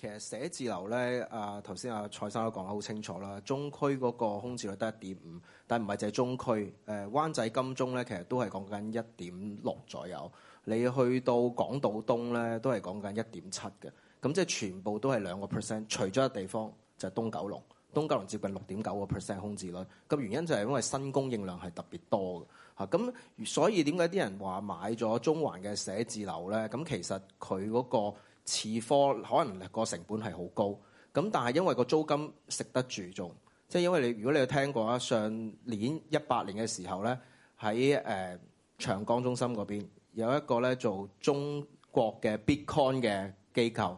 其實寫字樓咧，啊頭先阿蔡生都講得好清楚啦，中區嗰個空置率得一點五，但唔係淨係中區，誒灣仔金鐘咧，其實都係講緊一點六左右。你去到港島東咧，都係講緊一點七嘅。咁即係全部都係兩個 percent，除咗一地方就係東九龍，東九龍接近六點九個 percent 空置率。咁原因就係因為新供應量係特別多嘅嚇。咁所以點解啲人話買咗中環嘅寫字樓咧？咁其實佢嗰個持貨可能個成本係好高，咁但係因為個租金食得住仲，即係因為你如果你有聽過啊，上年一八年嘅時候咧，喺誒長江中心嗰邊有一個咧做中國嘅 Bitcoin 嘅機構，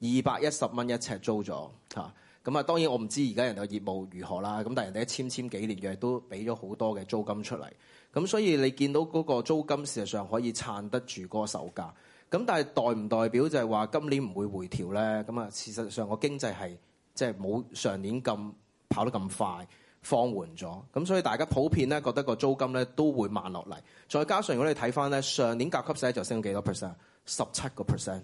二百一十蚊一尺租咗嚇，咁啊當然我唔知而家人哋嘅業務如何啦，咁但係人哋一簽簽幾年嘅都俾咗好多嘅租金出嚟，咁所以你見到嗰個租金事實上可以撐得住嗰個售價。咁但係代唔代表就係話今年唔會回調咧？咁啊，事實上個經濟係即係冇上年咁跑得咁快，放緩咗。咁所以大家普遍咧覺得個租金咧都會慢落嚟。再加上如果你睇翻咧上年甲級寫就升咗幾多 percent，十七個 percent，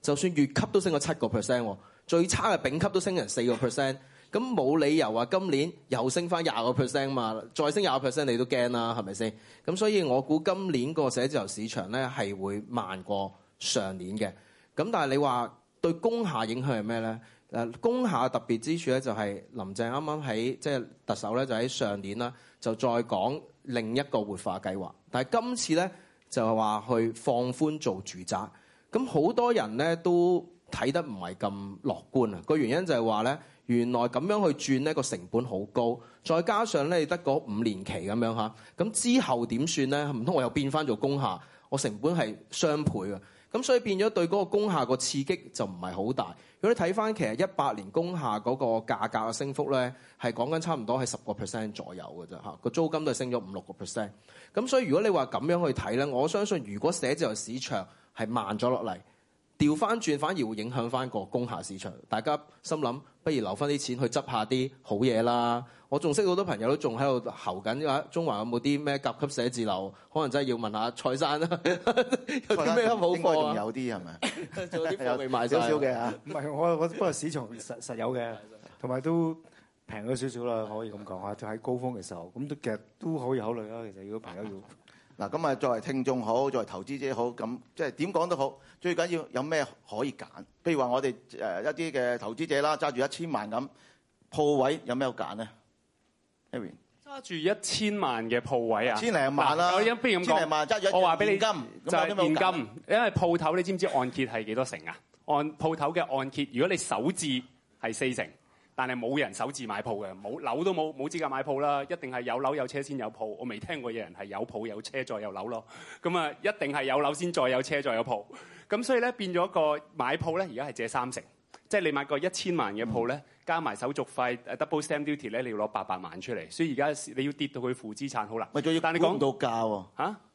就算乙級都升咗七個 percent，最差嘅丙級都升成四個 percent。咁冇理由話今年又升翻廿個 percent 嘛？再升廿個 percent 你都驚啦，係咪先？咁所以我估今年個寫字樓市場咧係會慢過上年嘅咁，但係你話對工廈影響係咩咧？誒，工廈特別之處咧，就係林鄭啱啱喺即係特首咧，就喺上年啦，就再講另一個活化計劃。但係今次咧就係話去放寬做住宅，咁好多人咧都睇得唔係咁樂觀啊。個原因就係話咧，原來咁樣去轉呢個成本好高，再加上你得嗰五年期咁樣吓，咁之後點算咧？唔通我又變返做工廈，我成本係雙倍㗎。咁所以變咗對嗰個工廈個刺激就唔係好大。如果你睇翻其實一八年工廈嗰個價格嘅升幅咧，係講緊差唔多係十個 percent 左右嘅啫嚇。個租金都係升咗五六個 percent。咁所以如果你話咁樣去睇咧，我相信如果寫字樓市場係慢咗落嚟，調翻轉反而會影響翻個工廈市場。大家心諗。不如留翻啲錢去執下啲好嘢啦！我仲識好多朋友都仲喺度候緊啊！中環有冇啲咩甲級寫字樓？可能真係要問下蔡生啦。 有啲咩好貨？仲有啲係咪？仲有啲貨未賣 少少嘅嚇。唔係，我我不過市場實實有嘅，同埋都平咗少少啦，可以咁講嚇。就喺高峰嘅時候，咁都其實都可以考慮啦。其實如果朋友要。嗱，咁啊，作為聽眾好，作為投資者好，咁即係點講都好，最緊要有咩可以揀？譬如話我哋誒一啲嘅投資者啦，揸住一千萬，咁鋪位有，有咩好揀咧 Avery 揸住一千萬嘅鋪位啊，千零萬啦，啊啊，千零萬一億現金就係現金，因為鋪頭你知唔知按揭係幾多成啊？按鋪頭嘅按揭，如果你首置係四成，但係冇人手自買鋪嘅，冇樓都冇，冇資格買鋪啦。一定係有樓有車先有鋪，我未聽過有人係有鋪有車再有樓咯。咁啊，一定係有樓先再有車再有鋪。咁所以咧變咗個買鋪咧，而家係借三成，即係你買個一千萬嘅鋪咧，加埋手續費 double stamp duty 咧，你要攞八百萬出嚟。所以而家你要跌到佢負資產好難。咪仲要、啊？但你講唔到價喎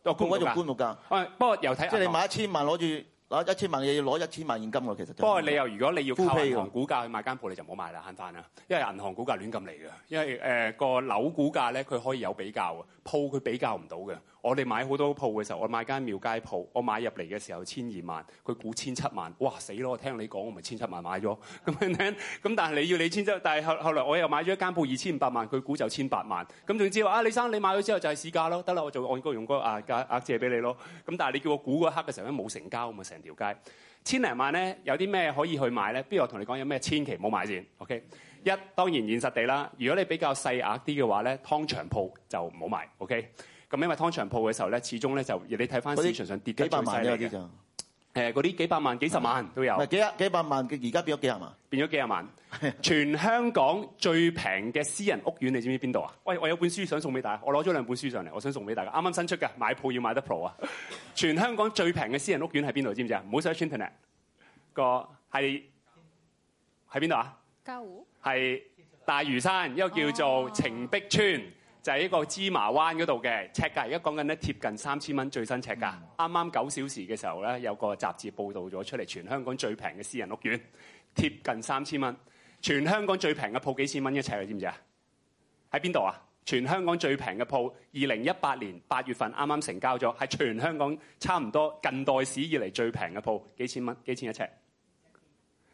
嚇，官鬼仲官冇價。不過又睇即係你買一千萬攞住。攞一千萬嘢要攞一千萬現金喎，其實。不過你又如果你要靠銀行股價去買間鋪，你就唔好買啦，慳返啦。因為銀行股價亂咁嚟㗎！因為誒、呃那個樓股價呢，佢可以有比較啊，鋪佢比較唔到嘅。我哋買好多鋪嘅時候，我買間廟街鋪，我買入嚟嘅時候千二萬，佢估千七萬，哇死咯！我聽你講，我咪千七萬買咗咁樣，咁但係你要你千七，但係後後來我又買咗一間鋪二千五百萬，佢估就千八萬，咁總之話啊，李生你買咗之後就係市價咯，得啦，我就按個用個額借俾你咯。咁但係你叫我估嗰刻嘅時候冇成交咁嘛，成條街千零萬咧有啲咩可以去買咧？不如我同你講有咩千祈唔好買先。OK，一當然現實地啦，如果你比較細額啲嘅話咧，劏場鋪就唔好買。OK。咁因為湯場鋪嘅時候咧，始終咧就你睇返市場上跌嘅最細嗰啲就，啲幾，幾、呃、幾百萬、幾十萬都有。唔係幾，幾百萬幾嘅而家變咗幾廿萬，變咗幾廿萬。 全香港最平嘅私人屋苑，你知唔知邊度啊？喂，我有本書想送俾大家，我攞咗兩本書上嚟，我想送俾大家。啱啱新出嘅，買鋪要買得 pro 啊！ 全香港最平嘅私人屋苑喺邊度？知唔知、 那個、啊？唔好使 internet，個係喺邊度啊？嘉湖係大嶼山，一個叫做澄碧村，啊啊就喺呢個芝麻灣嗰度嘅尺價，而家講緊咧貼近三千蚊最新尺價。啱啱九小時嘅時候咧，有個雜誌報道咗出嚟，全香港最平嘅私人屋苑貼近三千蚊。全香港最平嘅鋪幾千蚊一尺，你知唔知啊？喺邊度啊？全香港最平嘅鋪，二零一八年八月份啱啱成交咗，係全香港差唔多近代史以嚟最平嘅鋪，幾千蚊幾，幾千一尺。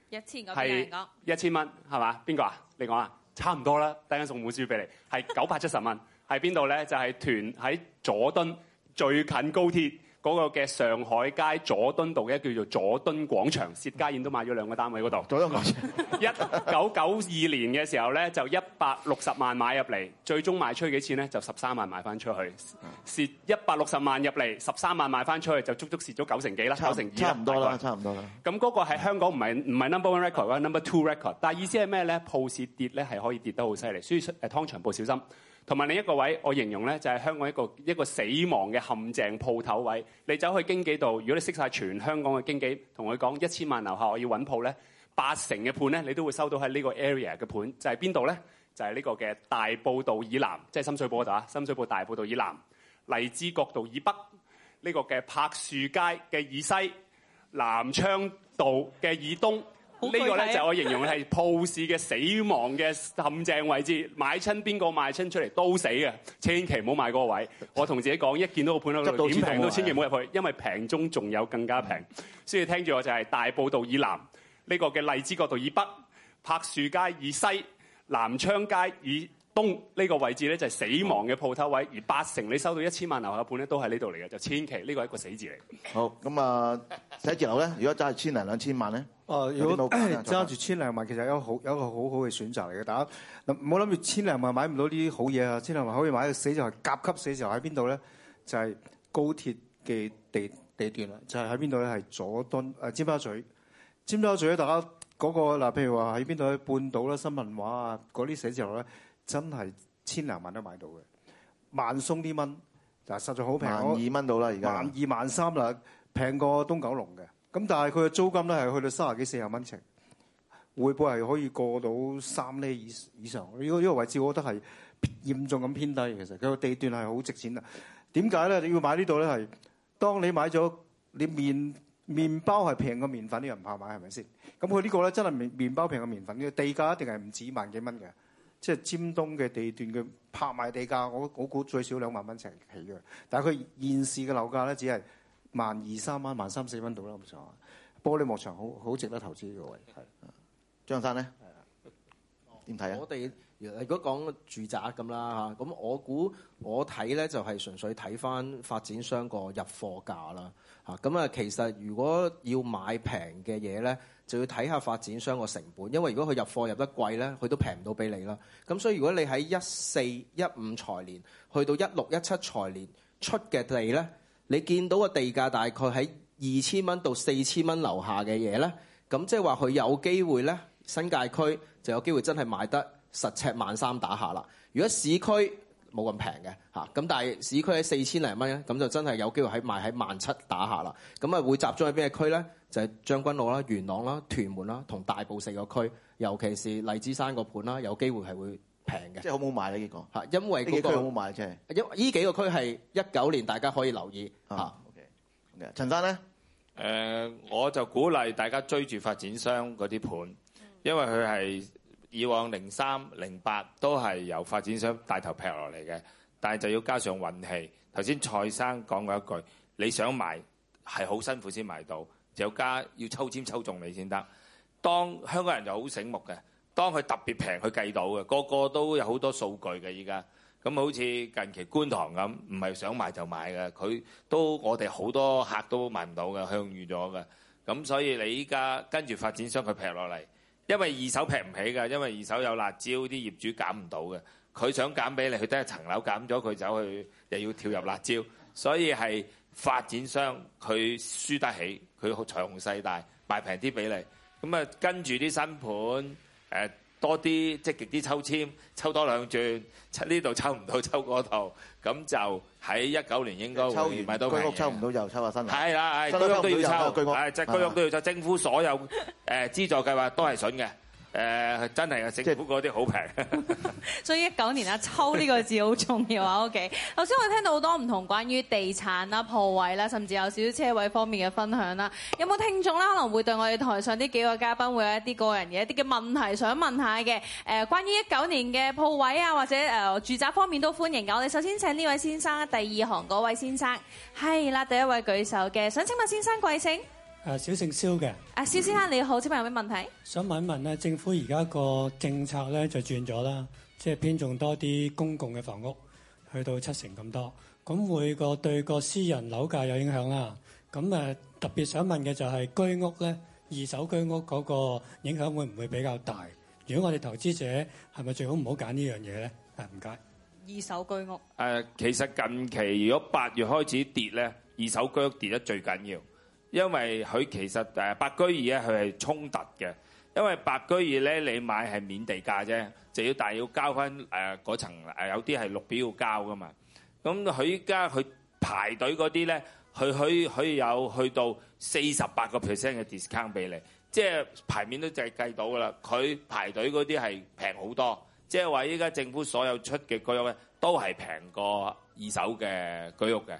一千個，係一千蚊，係嘛？邊個啊？你講啊？差唔多啦，等陣送本書俾你，係九百七十蚊，喺邊度咧？就係、是、團，喺佐敦最近高鐵。嗰、那個嘅上海街佐敦道嘅叫做佐敦廣場，薛家燕都買咗兩個單位嗰度。佐敦廣場，一九九二年嘅時候咧，就一百六十萬買入嚟，最終賣出去幾錢咧？就十三萬賣翻出去，蝕一百六十萬入嚟，十三萬賣翻出去，就足足蝕咗九成幾啦。九成二，差唔多啦，差唔多啦。咁嗰、那個喺香港唔係唔係 number one record，number two record，但係意思係咩咧？舖市跌咧係可以跌得好犀利，所以誒，湯長鋪小心。同埋另一個位，我形容咧就係香港一個一個死亡嘅陷阱鋪頭位。你走去經紀度，如果你識晒全香港嘅經紀，同佢講一千萬樓下我要揾鋪咧，八成嘅盤咧你都會收到喺呢個 area 嘅盤，就係邊度咧？就係呢個嘅大埔道以南，即係深水埗度啊，深水埗大埔道以南，荔枝角道以北，呢個嘅柏樹街嘅以西，南昌道嘅以東。呢、這個咧就係我形容係鋪市嘅死亡嘅陷阱位置， 買親邊個賣親出嚟都死嘅，千祈唔好買嗰個位。我同自己講，一見到一個盤喺度點平都，都千祈唔好入去，因為平中仲有更加平。 所以聽住我就係大埔道以南呢、這個嘅荔枝角道以北，柏樹街以西，南昌街以東呢、這個位置咧就係死亡嘅鋪頭位，而八成你收到一千萬樓下嘅盤咧都係呢度嚟嘅，就千祈呢、這個係一個死字嚟。 好咁啊，寫字樓咧，如果揸住千零兩千萬咧？誒，如果揸住千零萬，其實有好有一個好好嘅選擇嚟嘅。大家嗱，唔好諗住千零萬買唔到呢啲好嘢啊！千零萬可以買到寫字樓，甲級寫字樓喺邊度咧？就係、是、高鐵嘅地地段啦，就係喺邊度咧？係佐敦，誒，尖沙咀。尖沙咀大家嗰、那個嗱，譬如話喺邊度？喺半島啦、新民話啊，嗰啲寫字樓咧，真係千零萬都買到嘅。萬鬆啲蚊嗱，實在好平，萬二蚊到啦，而家萬二萬三啦，平過東九龍嘅。咁但係佢嘅租金咧係去到三十幾四十蚊尺，回報係可以過到三厘以以上。呢個呢個位置，我覺得係嚴重咁偏低。其實佢個地段係好值錢啦。點解咧？你要買呢度咧係，當你買咗你麵，麵包係平過麵粉，呢樣唔怕買係咪先？咁佢呢個咧真係麵包平過麵粉，呢個地價一定係唔止萬幾蚊嘅。即係尖東嘅地段嘅拍賣地價，我我估最少兩萬蚊尺起嘅。但係佢現時嘅樓價咧，只係。萬二三蚊、萬三四蚊到啦，咁上下。玻璃幕牆好好值得投資嘅位。係，張生咧點睇啊？我哋如果講住宅咁啦嚇，咁我估我睇咧就係純粹睇翻發展商個入貨價啦嚇。咁啊，其實如果要買平嘅嘢咧，就要睇下發展商個成本，因為如果佢入貨入得貴咧，佢都平唔到俾你啦。咁所以如果你喺一四一五財年去到一六一七財年出嘅地咧。你見到個地價大概喺二千蚊到四千蚊樓下嘅嘢呢？咁即係話佢有機會呢，新界區就有機會真係賣得實呎萬三打下啦。如果市區冇咁平嘅嚇，咁但係市區喺四千零蚊咧，咁就真係有機會喺賣喺萬七打下啦。咁啊會集中喺邊個區呢？就係、是、將軍澳啦、元朗啦、屯門啦同大埔四個區，尤其是荔枝山個盤啦，有機會係會。平嘅，即係好唔好買咧？呢個嚇，因為嗰個好唔好買，即係因呢幾個區係一九年，大家可以留意嚇。嗯、o、okay. K，、okay. 陳生呢，誒、呃，我就鼓勵大家追住發展商嗰啲盤、嗯，因為佢係以往零三、零八都係由發展商帶頭劈落嚟嘅，但係就要加上運氣。頭先蔡生講過一句，你想買係好辛苦先買到，就要加要抽籤抽中你先得。當香港人就好醒目嘅。當佢特別平，佢計到嘅個個都有好多數據嘅。依家咁好似近期觀塘咁，唔係想買就買嘅。佢都我哋好多客都買唔到嘅，向隅咗嘅咁。所以你依家跟住發展商佢平落嚟，因為二手平唔起嘅，因為二手有辣招，啲業主減唔到嘅。佢想減俾你，佢得一層樓減咗，佢走去又要跳入辣招，所以係發展商佢輸得起，佢好財雄勢大，賣平啲俾你咁啊。跟住啲新盤。誒多啲積極啲抽籤，抽多兩轉，出呢度抽唔到抽嗰度，咁就喺一九年應該會買到居屋。抽唔到就抽下新樓。係啦，係，居屋都要抽，係即係居屋都要抽，政府所有誒資助計劃都係筍嘅。誒、uh, 真係啊，政府嗰啲好平。所以一九年啊，抽呢個字好重要啊！OK，頭 先我聽到好多唔同關於地產啦、鋪位啦，甚至有少少車位方面嘅分享啦。有冇聽眾啦？可能會對我哋台上呢幾個嘉賓會有一啲個人嘅一啲嘅問題想問下嘅？誒，關於一九年嘅鋪位啊，或者誒住宅方面都歡迎嘅。我哋首先請呢位先生，第二行嗰位先生係啦，第一位舉手嘅，想請問先生貴姓？誒小姓蕭嘅，誒蕭先生你好，請問有咩問題？想問一問咧，政府而家個政策咧就轉咗啦，即係偏重多啲公共嘅房屋，去到七成咁多，咁會個對個私人樓價有影響啦。咁誒特別想問嘅就係居屋咧，二手居屋嗰個影響會唔會比較大？如果我哋投資者係咪最好唔好揀呢樣嘢咧？誒唔該。二手居屋。誒，其實近期如果八月開始跌咧，二手居屋跌得最緊要。因為佢其實白居易呢佢係衝突嘅。因為白居易呢你買係免地價啫，就要但要交翻誒嗰層有啲係綠表要交嘛。咁佢依家佢排隊嗰啲呢，佢佢佢有去到四十八個 percent 嘅 discount 俾你，即係排面都就係計到㗎啦。佢排隊嗰啲係平好多，即係話依家政府所有出嘅居屋都係平過二手嘅居屋嘅。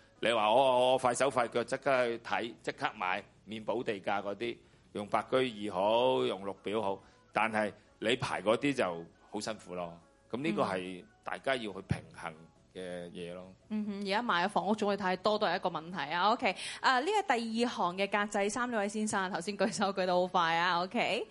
你話我我快手快腳即刻去睇即刻買免補地價嗰啲，用白居二好，用綠表好，但係你排嗰啲就好辛苦咯。咁呢個係大家要去平衡嘅嘢咯。嗯哼，而家買嘅房屋總係太多都係一個問題，OK，啊。OK，誒呢個第二行嘅格仔衫呢位先生頭先舉手舉得好快啊。OK。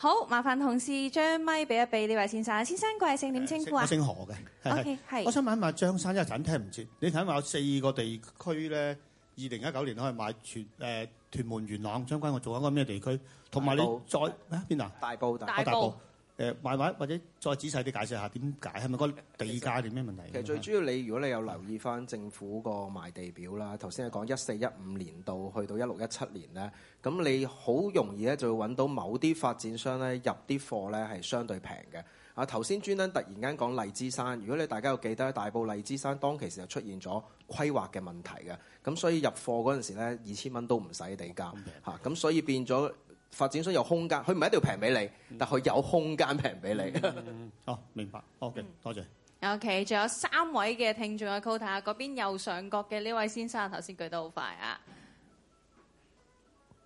好，麻煩同事將麥俾一俾呢位先生。先生貴姓點稱呼啊、呃？我姓何嘅。OK，係。我想問一問張生，一陣聽唔住。你睇下，我四個地區咧，二零一九年可以買全誒、uh, 屯門元朗相關。將軍澳我做緊個咩地區？同埋你再邊度？大埔、啊、大埔。大埔 oh, 大埔誒慢，或者再仔細啲解釋下點解，係咪個地價定咩問題？其實最主要你如果你有留意翻政府個賣地表啦，頭先係講一四一五年度去到一六一七年咧，咁你好容易咧就會揾到某啲發展商咧入啲貨咧係相對平嘅。啊頭先專登突然間講荔枝山，如果你大家要記得大埔荔枝山當其時就出現咗規劃嘅問題嘅，咁所以入貨嗰陣時咧二千蚊都唔使地價吓，咁所以變咗。發展商有空間，佢唔係一定要平俾你，嗯、但佢有空間平俾你。好、嗯嗯嗯嗯哦、明白。OK，多謝。OK，仲、okay，有三位嘅聽眾嘅 call 睇嗰邊右上角嘅呢位先生，頭先舉得好快啊。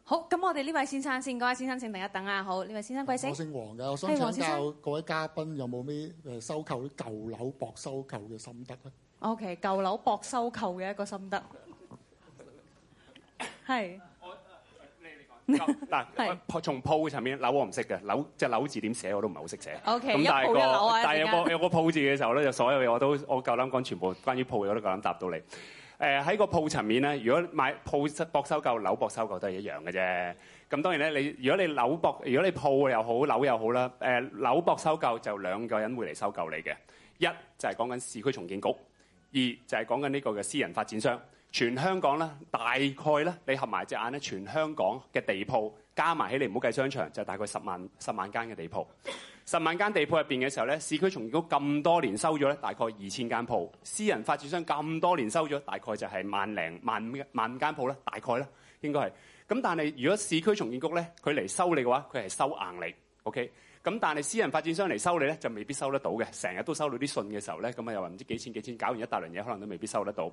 好，咁我哋呢位先生先，各位先生請等一等啊。好，呢位先生貴姓？我姓黃嘅，我想請教各位嘉賓有冇咩誒收購啲舊樓博收購嘅心得咧？OK，舊樓博收購嘅一個心得，係。 嗱， 從鋪嘅層面樓我唔識嘅，樓即係、就是、樓字點寫我都唔係好識寫。O K，咁大個，一一但係有個有個鋪字嘅時候咧，就所有嘢我都我夠膽講，全部關於鋪嘅我都夠膽答到你。誒、呃，喺個鋪層面咧，如果買鋪博收購樓博收購都係一樣嘅啫。咁當然咧，你如果你樓博，如果你鋪又好樓又好啦，誒、呃、樓博收購就兩個人會嚟收購你嘅，一就係講緊市區重建局，二就係講緊呢個嘅私人發展商。全香港咧，大概咧，你合埋隻眼咧，全香港嘅地鋪加埋起嚟，唔好計商場，就大概十萬十萬間嘅地鋪。十萬間地鋪入邊嘅時候咧，市區重建局咁多年收咗咧，大概二千間鋪；私人發展商咁多年收咗，大概就係萬零萬萬間鋪呢，大概啦，應該係。咁但係如果市區重建局咧，佢嚟收你嘅話，佢係收硬你，OK。咁但係私人發展商嚟收你咧，就未必收得到嘅。成日都收到啲信嘅時候咧，咁啊又話唔知幾錢幾錢，搞完一大輪嘢，可能都未必收得到。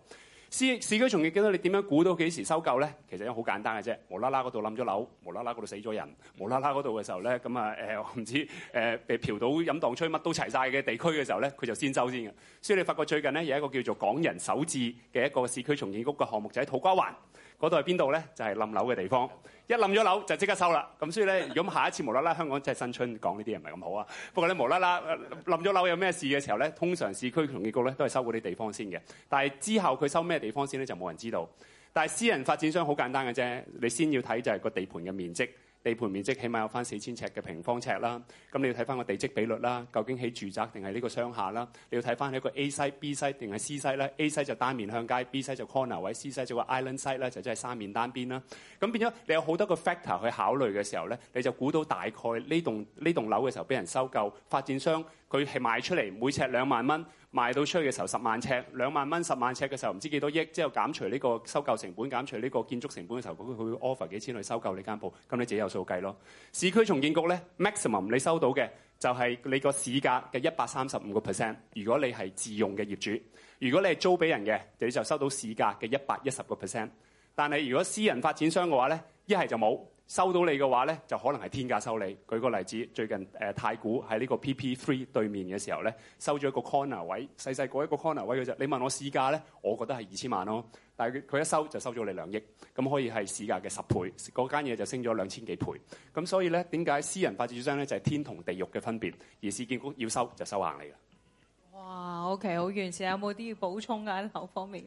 市市區重建局咧，你點樣估到幾時收購咧？其實好簡單嘅啫，無啦啦嗰度冧咗樓，無啦啦嗰度死咗人，無啦啦嗰度嘅時候咧，咁啊誒，唔、嗯、知、嗯、被嫖賭飲盪吹，乜都齊晒嘅地區嘅時候咧，佢就先收先嘅。所以你發覺最近咧有一個叫做港人首置嘅一個市區重建局嘅項目就喺、是、土瓜灣。嗰度係邊度咧？就係冧樓嘅地方，一冧咗樓就即刻收啦。咁所以咧，如果下一次無啦啦香港即係新春講呢啲嘢唔係咁好啊。不過咧無啦啦冧咗樓有咩事嘅時候咧，通常市區重建局咧都係收嗰啲地方先嘅。但係之後佢收咩地方先咧，就冇人知道。但係私人發展商好簡單嘅啫，你先要睇就係個地盤嘅面積。地盤面積起碼有翻四千尺嘅平方尺啦，咁你要睇翻個地積比率啦，究竟係住宅定係呢個商廈啦？你要睇翻係個 A 西 B 西定係 C 西咧？A 西就單面向街，B 西就 corner 位，C 西就個 island side 咧，就真係三面單邊啦。咁變咗你有好多個 factor 去考慮嘅時候咧，你就估到大概呢棟呢棟樓嘅時候俾人收購，發展商佢係賣出嚟每尺兩萬蚊。賣到出去嘅時候，十萬尺兩萬蚊，十萬尺嘅時候唔知幾多億，之後減除呢個收購成本，減除呢個建築成本嘅時候，佢會 offer 幾錢去收購呢間鋪？咁你自己有數計咯。市區重建局咧 maximum 你收到嘅就係你個市價嘅一百三十五個 percent。如果你係自用嘅業主，如果你係租俾人嘅，你就收到市價嘅一百一十個 percent。但係如果私人發展商嘅話咧，一係就冇。收到你嘅話咧，就可能係天價收你。舉個例子，最近誒、呃、太古喺呢個 PP Three 對面嘅時候咧，收咗一個 corner 位，細細個一個 corner 位嘅就，你問我市價咧，我覺得係二千萬咯、哦。但係佢一收就收咗你兩億，咁可以係市價嘅十倍，嗰間嘢就升咗兩千幾倍。咁所以咧，點解私人發展商咧就係天同地獄嘅分別？而市建局要收就收硬你啦。哇，OK，好完善，有冇啲要補充嘅喺後方面？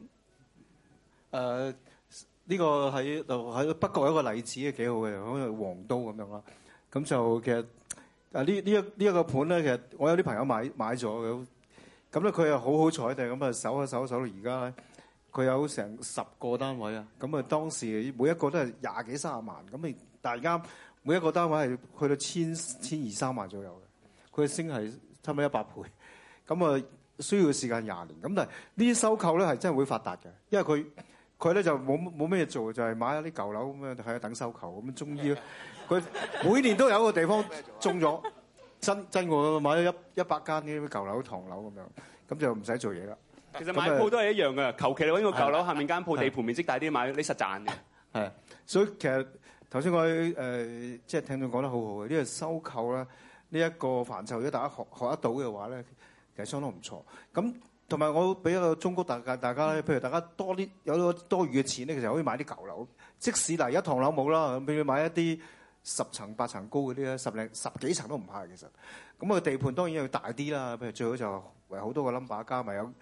誒、uh,。呢、這個喺度喺北角一個例子嘅幾好嘅，好似黃都咁樣啦。咁就其實啊、這個、呢呢一呢一個盤咧，其實我有啲朋友買買咗嘅。咁咧佢又好好彩嘅，咁啊搜啊搜啊搜到而家咧，佢有成十個單位啊。咁、嗯、啊當時每一個都係廿幾三十萬，咁你但而家每一個單位係去到千千二三萬左右嘅。佢升係差唔多一百倍。咁啊需要嘅時間廿年。咁但係呢啲收購咧係真係會發達嘅，因為佢。佢咧就冇冇咩嘢做，就係買咗啲舊樓咁樣喺度等收購咁樣，終於咯。佢每年都有個地方中咗，真真個買咗一一百間啲舊樓唐樓咁樣，咁就唔使做嘢啦。其實買鋪都係一樣噶，求其你揾個舊樓下面間鋪地盤面積大啲買，你實賺嘅。係，所以其實頭先我誒即係聽眾講得好好嘅，呢個收購咧呢一個範疇，如果大家學學得到嘅話咧，其實相當唔錯。咁同埋我俾一個忠告大大家，譬如大家多啲有咗多餘嘅錢咧，其實可以買啲舊樓，即使嗱而家唐樓冇啦，譬如買一啲十層、八層高嗰啲咧，十零十幾層都唔怕其實。咁個地盤當然要大啲啦，譬如最好就為好多個 number 加埋，咪有。